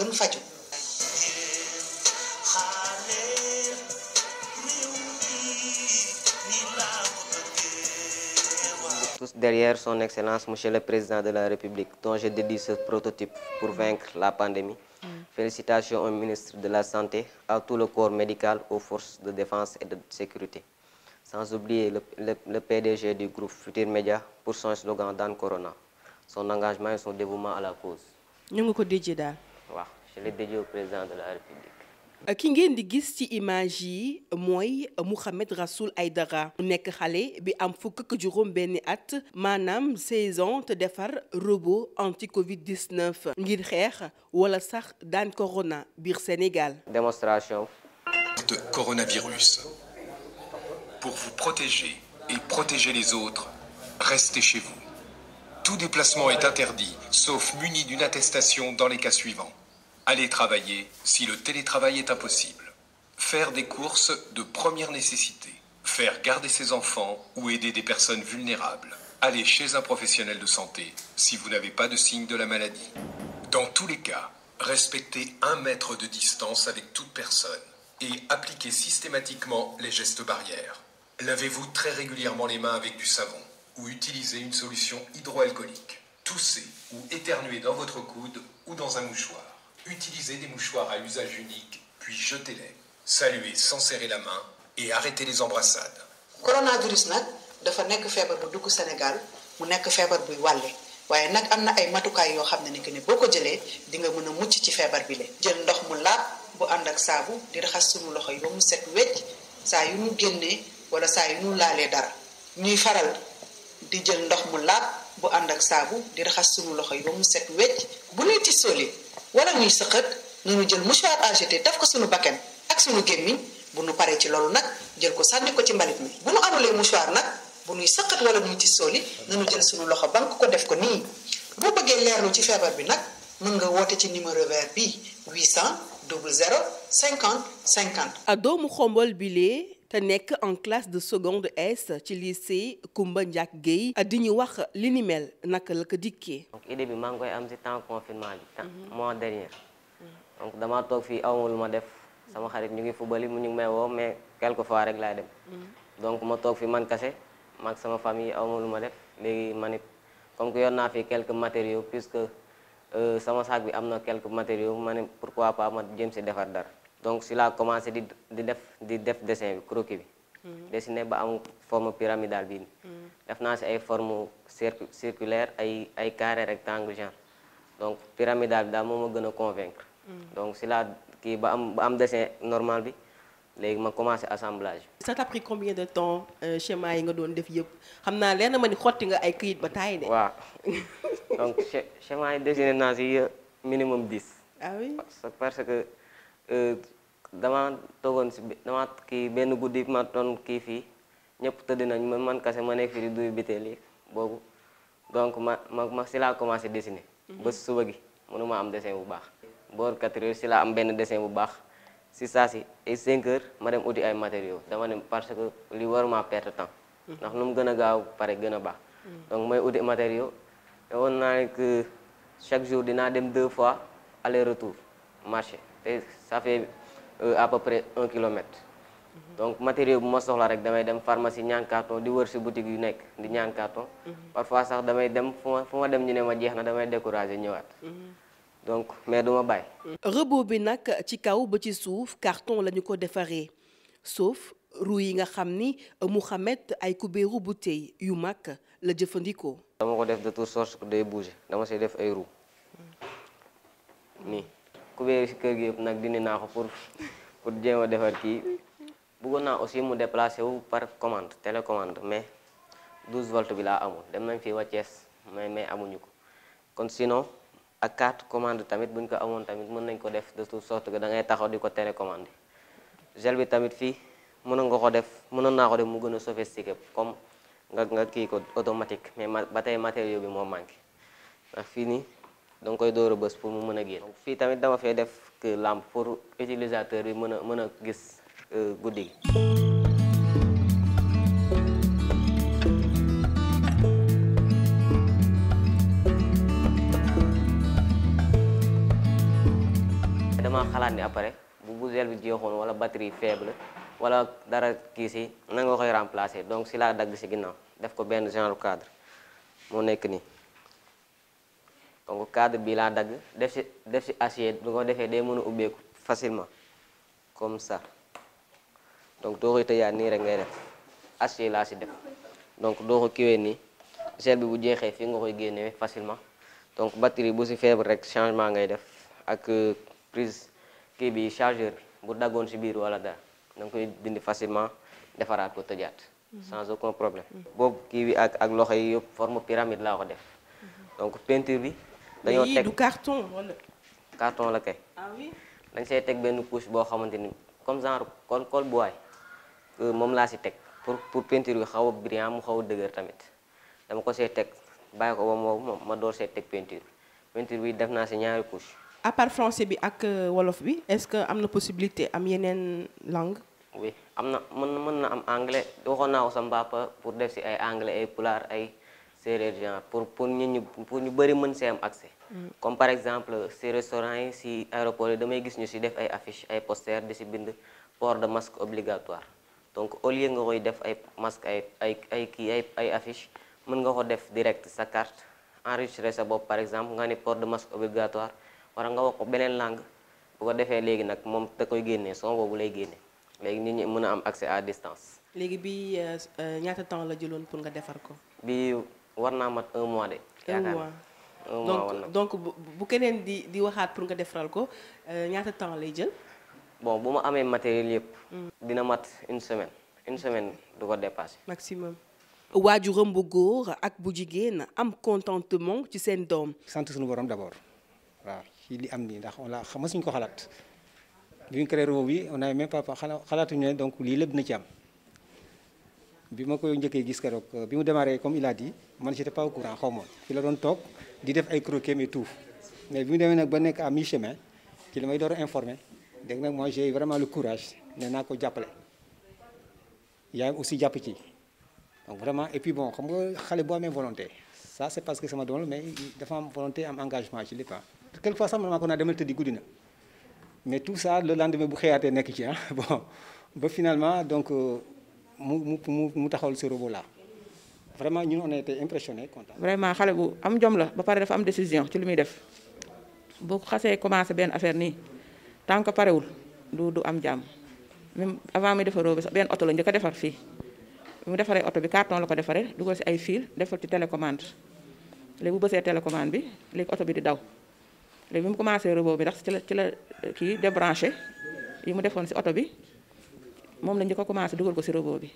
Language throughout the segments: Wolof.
gën faju tous derrière son excellence monsieur le président de la République dont je dédie ce prototype pour vaincre la pandémie. Mm. Félicitations ministre de la Santé, à tout le corps médical, aux forces de défense et de sécurité. Sans oublier le, PDG du groupe Futur Média pour son slogan Dan Corona, son engagement et son dévouement à la cause. waaw je l'ai président de la République. ki ngeen di gis ci image yi mooy Mouhamed Rassoul ay dara nekk xale bi am fukk ak juróom benni at maanaam 16 ans te defar robot anti Covid 19 ngir xeex wala sax daan corona biir Sénégal. démonstration. pour vous protéger et protéger les autres restez chez vous tout déplacement est interdit sauf muni d'une attestation dans les cas suivants. aller travailler si le télétravail est impossible, faire des courses de première nécessité, faire garder ses enfants ou aider des personnes vulnérables, aller chez un professionnel de santé si vous n'avez pas de signe de la maladie. Dans tous les cas, respectez un mètre de distance avec toute personne et appliquez systématiquement les gestes barrières. Lavez-vous très régulièrement les mains avec du savon ou utilisez une solution hydroalcoolique. Toussez utilisez des mouchoirs à usage unique, puis jetez-les. Saluez sans serrer la main et arrêtez les embrassades. coronavirus nag dafa nekk feebar bu dugg Sénégal mu nekk feebar buy wàlle waaye nag am na ay matukaay yoo xam ne ni que ni boo ko jëlee dinga nga a mucc ci feebar bi le jël ndox mu laab bu ànd ak saabu di raxas suñu loxo yi mu set wecc saa yu mu génnee wala saa yu ñu laalee dara ñuy faral di jël ndox mu laab bu ànd ak saabu di raxas suñu loxo yi set wecc bu ñuy tisoolee wala muy sëqët nunu jël mouchoir AGT daf ko suñu bakken ak suñu gémmiñ bu nu paree ci loolu nag jël ko sànni ko ci mbalit mi bu nu amulee mouchoir nag bu nuy sëqat wala nuy ci sooli nu jël suñu loxo banque ko def ko nii boo bëggee leerlu ci feebar bi nag mun nga woote ci numéro vert bi 800 00 50 cinquante ak doomu xombol bi lee te nekk en classe de seconde S ci lycée Koumba Ndiak Guèye di ñu wax li ni mel naka la ko dikkee. donc idée bi maa ngi koy am ci temps confinement bi temps mhm. mois dernier mhm. donc damaa toog fii aw lu ma def sama xarit ñu ngi fubali mu ñu ngi may woo mais quelque fois rek laay dem mhm. donc ma toog fi man kase maag sama famille aw ma lu ma def léegi man it comme que yor naa fi quelques matériaux que euh, sama saak bi am na quelques matériaux ma ne pourquoi pas ma jëm si defar donc si laa commencé di di def di def dessin bi croquis bi. Mhm. dessiné ba am forme pyramidale bi. Mhm. def naa si ay forme circulaire ay ay carré rectangle genre donc pyramidale bi daal moo ma gën a convaincre. Mhm. donc si laa kii ba am ba normal bi léegi ma commencé assemblage bi. ça t'a pris combien de temps euh, schéma yi nga doon def yëpp xam naa leer na ma ni xotti nga ay këyit ba taay de. waaw donc schéma yi dessiné naa si minimum dix. Ah dama toogoon si dama kii benn guddi ma doon kii fii ñëpp tëdd nañ man man kase ma nekk fii di duy biteel yi boobu donc ma ma ma si laa commencé dessiner. Mhm. ba suba gi mënuma am dessin bu baax. boor 4 heures si laa am benn dessin bu baax si saa si ay 5 heures ma dem uti ay matério dama ne parce que li waruma perte temps. Mhm. ndax nu mu gën a gaaw pare gën a baax. Mhm. donc may uti matériaux te woon naa ne chaque jour dinaa dem deux fois aller retour marché. te ça fait euh, près un kilomètre donc matériel bu ma soxla rek damay dem pharmacie ñaan carton di wër si boutique yu nekk di ñaan carton parfois sax damay dem fu ma dem ñu ne ma jeex na damay découragé ñëwaat donc mais duma bàyyi rebot bi nag ci kaw ba ci suuf carton la ñu ko defaree sauf ru yi nga xam ni Mouhamed ay kubéeru bouteille yu mag la jëfandikoo dama ko def de toute sorte que day bouger dama see def ay ru nii ku béyee kër gi yëpp nag dindi naa ko pour pour jéem a defar kii bëggoon naa aussi mu déplacé wu par commande télécommande mais douze volt bi laa amul dem nañ fii wàccees mais mais amuñu ko kon sinon ak carte commande tamit buñ ko amoon tamit mën nañ ko def de toute sorte que da ngay taxaw di ko télécommandé gel bi tamit fii mënoon nga ko def mënoon naa ko def mu gën a sophistiqué comme nga nga kii ko automatique mais ba tey matériaux bi moo manqué ndax fii nii. da koy door a bës pour mu mën a génn. fii tamit dama fee def lampe pour utilisateur bi mën a mën a gis euh, guddi gi. dama xalaat ni après bu bu gel bi jeexoon wala batterie faible wala dara kii si na nga koy remplacer donc si laa dagg si ginnaaw def ko benn genre cadre moo nekk nii donc cadre bi laa dagg def ci def ci acier bu ko defee day mën a ubbeeku facilement comme ça donc doo koy tëjaat nii rek ngay def acier laa si def donc doo ko kiwee nii gel bu jeexee fii nga koy génnee facilement donc batterie bu ci faible rek changement ngay def ak euh, prise kii bi chargeur bu daggoon si biir wala dara da nga koy dindi facilement defaraat ko tëjaat mhm. sans aucun problème mhm. boobu kii bi ak loxo yi yëpp pyramide laa ko def mhm. donc peinture bi dañoo teg du carton wala. carton la kay. Ah dañ see teg benn couche boo xamante ni comme genre col col moom laa si teg pour pour peinture bi xaw a brillant mu xaw a dëgër tamit dama ko see teg bàyyi ko ba moom ma door see teg peinture peinture bi def naa si ñaari couche. à part français bi ak euh, wolof bi est-ce que am na possibilité am yeneen langue. oui am na mën mën na am anglais waxoon naa ko sa mbàppa pour def si ay anglais ay pulaar ay. séeréer genre pour pour ñu ñu ñu bëri mën see am accès. Mm. comme par exemple si restaurant yi si aéroport yi damay gis ñu si def ay affiche ay poster di si bind port de masque obligatoire donc au lieu nga koy def ay masque ay ay kii ay affiche mën nga ko def direct sa carte enregistré sa bopp par exemple nga ne port de masque obligatoire wala nga wax ko beneen langue bu ko defee léegi nag moom da koy génnee son boobu lay génne léegi nit ñi mën a am accès à distance. léegi bi euh, euh, ñaata war naa mat un mois de. yaakaar un mois donc donc bu keneen di di waxaat pour nga defaral ko euh, ñaata temps lay jël. bon bu ma amee matériel yëpp. Mm. dina mat une semaine une semaine du ko dépasser. maximum. waajuram bu góor ak bu jigéen am contentement ci seen doom. sant suñu borom d'abord waaw ci li am nii ndax on la xamasuñ ko xalaat bi ñu créé réew bi on a même pas xalaatuñu ne donc lii lépp na ci am. bi ma koy njëkkee gis keroog euh, bi mu démarré comme il a dit man j'étais pas au courant xaw ma fi la doon toog di def ay croquem et tout mais bi mu demee nag ba nekk à mi chemin ci la may door a informé dégg nag moi j'ai le courage ne naa ko jàppale yaayam jàpp ci donc vraiment et puis bon xam nga xale boo amee volonté ça c'est parce que sama doom la mais am engagement ci li quoi quelquefois sax man maa ko naa demal tëddi guddi na mais tout ça ci ah ba finalement euh, mu mu mu taxawul ce robot là vraiment ñu on a été impressionné content. vraiment xale bu am jom la ba pare dafa am décision ci lu muy def bu xasee commencé benn affaire nii tant que parewul du du am jàmm même avant muy defaroo bi sax benn oto la njëkk a defar fii mu defaree oto bi carton la ko defaree dugal si ay fil defal ci télécommande léegi bu bësee télécommande bi léegi oto bi di daw léegi bi mu commencé robot bi ndax ci la ci la kii débranché yi mu defoon si oto bi. moom la ñu ko commencé dugal ko si robot bi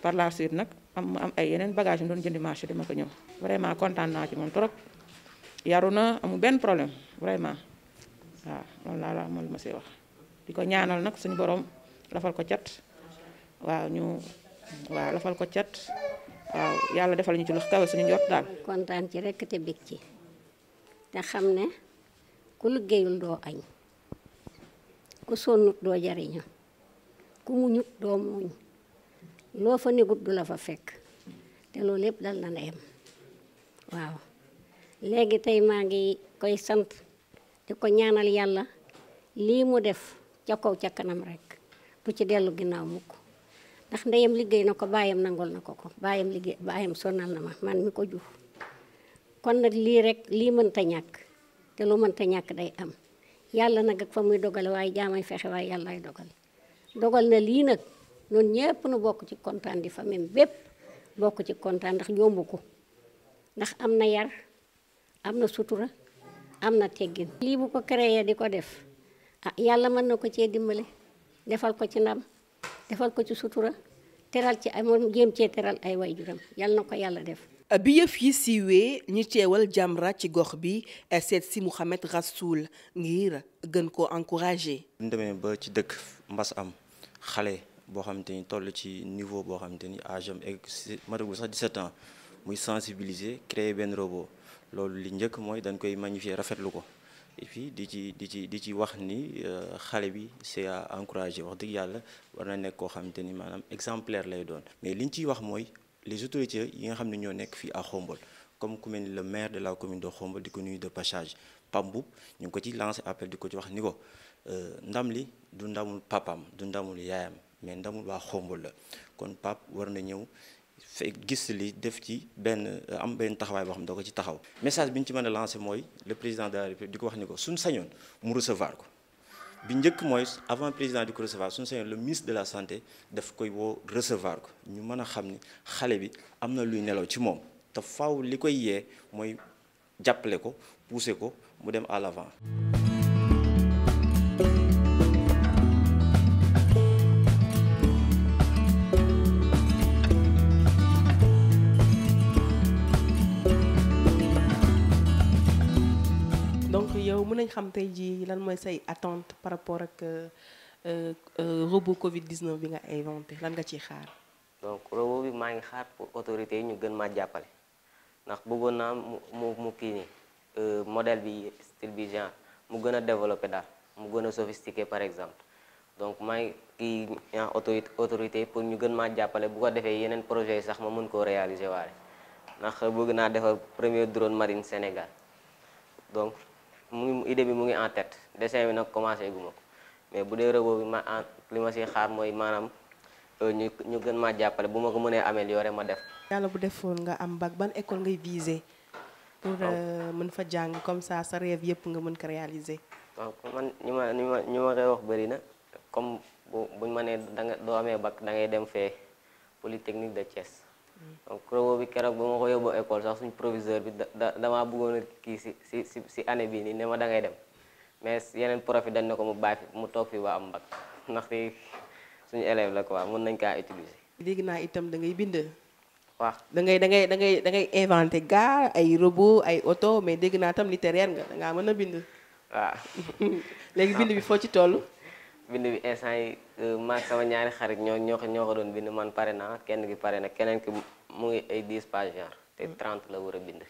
par la suite nag am am ay yeneen bagage yu doon jëndi marché ma ko ñëw vraiment kontaan naa ci moom trop yaru na amul benn problème vraiment waaw loolu laa la moom ma see wax di ko ñaanal nag suñ boroom lafal ko cat waaw ñu waaw lafal ko cat waaw yàlla defal ñu ci lu kawe suñu njort daal kontaan ci rekk te bég ci te xam ne ku liggéeyul doo añ ku sonnut doo jariñu ku muñut doo muñ loo fa negut du la fa fekk te loolu lépp dal na ndeyam waaw léegi tey maa ngi koy sant di ko ñaanal yàlla lii mu def ca kaw ca kanam rek bu ci dellu ginnaaw mukk ndax ndeyam liggéey na ko baayam nangoon na ko ko baayam liggéey baayam sonal na ma man mi ko jur kon nag lii rek lii mënta ñàkk te lu mënta ñàkk day am yàlla nag ak fa muy dogale waaye jaamay fexe waaye yàllaay dogale dogal na lii nag ñun ñëpp nu bokk ci kontaan di famille bépp bokk ci kontaan ndax yomb ko ndax am na yar am na sutura am na teggin. lii bu ko créé di ko def ah yàlla mën na ko cee dimbale defal ko ci ndam defal ko ci sutura teral ci ay moom cee teral ay way waajuram yàlla na ko yàlla def. bi yëf yi siiwee ñi teewal Jamra ci gox bi eh, seet si Mouhamed Rassoul ngir gën koo encouragé. bu ñu ba ci dëkk mbas am. xale boo xamante ni toll ci niveau boo xamante ni âge am egg matagul sax 17 ans muy sensibiliser créer benn robot loolu li njëkk mooy dañ koy magnifier rafetlu ko et puis di ci di ci di ci wax ni euh, xale bi c'est à encourager wax dëgg yàlla war na nekk koo xamante ni maanaam exemplaire lay doon mais li ñu ciy wax mooy les autorités yi nga xam ne ñoo nekk fii à Khombole comme ku mel ni le maire de la commune de Khombole di ko nuyu de passage Pape Mboup ñu ngi ko ci lancé appel di ko ci wax ni ko euh, ndam li du ndamul pappam du ndamul yaayam mais ndamul waa Khombole la kon Pape war na ñëw fekk gis li def ci benn euh, am benn taxawaay boo xam ne da ko ci taxaw message bi ñu ci mën a lancé mooy le président de la République di ko wax ni ko suñ sañoon mu recevoir ko bi njëkk mooy avant président di ko recevoir suñu sañoon le ministre de la santé daf koy woo recevoir ko ñu mën a xam ni xale bi am na luy nelaw ci moom te li koy yee mooy jàppale ko pousser ko mu dem à l'avant donc yow mën nañ xam tey jii lan mooy say attente par rapport ak euh, euh, euh, robot Covid 19 bi nga inventé lan nga ciy xaar. donc robot bi maa ngi xaar pour autorité yi ñu gën maa jàppale. ndax bëggoon naa mu mu kii nii euh, modèle bi style bi genre mu gën a développé daal mu gën a sophistiqué par exemple donc maa ngi kii autorité autorité pour ñu gën maa jàppale bu ko defee yeneen projet yi sax ma mën koo réaliser waale ndax bëgg naa defar premier drone marine Sénégal donc mu idée bi mu ngi en tête dessin bi nag commencé guma ko mais bu dee robot bi ma li ma si xaar mooy maanaam euh, ñu ñu gën maa jàppale bu ma ko mënee amélioré ma def. yàlla bu defoon nga am bac ban école ngay viser pour euh, mën fa jàng comme ça sa rêve yëpp nga mën ko réaliser. waaw man ñu ma ñu ma ñu ma koy wax bëri na comme bu buñ ma da nga doo amee bac ngay dem fee polytechnique de Thiès. Hmm. donc bi keroog ba ma ko yóbbu école sax suñ proviseur bi da damaa bëggoon a kii si si si si année bii nii ne ma da ngay dem mais yeneen prof yi dañ ne ko mu bàyyi mu toog fi ba am bac ndax fi suñu élève la ko quoi mën nañ kaa utiliser. léegi naa itam da ngay bind. waaw da ngay da ngay da ngay da ngay inventé gars ay robot ay oto mais dégg naa tam littéraire nga da ngaa mën a bind. waaw. léegi bind bi foo ci toll. bind bi instant yi euh, maag sama ñaari xarit ñoo ñoo ko ñoo doon bind man pare naa kenn ki pare na keneen ki mu ngi ay te 30 mm. la war a bind.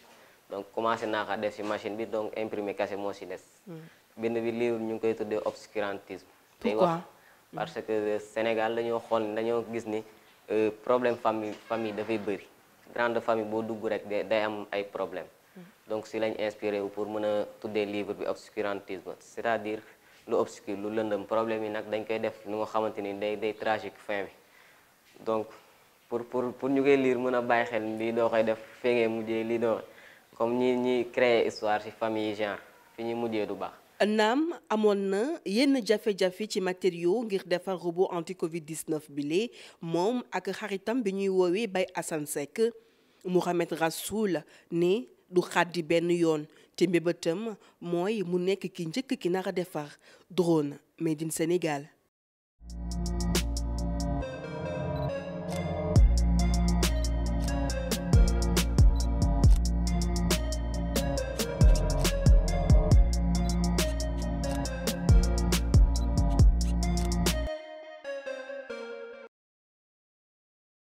donc commencé naa ko def si machine bi donc imprimé kese moo si des. Mm. bind bi livre ñu ngi koy tuddee obscurantisme. pourquoi tey wax parce que Sénégal dañoo xool dañoo gis ni. Euh, problème famille famille dafay bëri grande famille boo dugg rek day am ay problème mm. donc si lañ inspiré wu pour mën a tuddee livre bi obscurantisme c'est-à-dire lu obscur lu lëndëm problème yi nag dañ koy def lu nga xamante ni day day tragique fin bi donc pour pour pour ñu koy liir mën a bàyyi xel lii doo koy def fee ngee mujjee lii doo comme ñi ñii créer histoire ci famille genre fi ñuy mujjee du baax naam amoon na yenn jafe-jafe ci matériaux ngir defar robot anti Covid 19 bile moom ak xaritam bi ñuy woowee bay Assane Seck Mouhamed Rassoul ne du xaddi benn yoon te mbébétam mooy mu nekk ki njëkk ki nar defar drone made in Sénégal.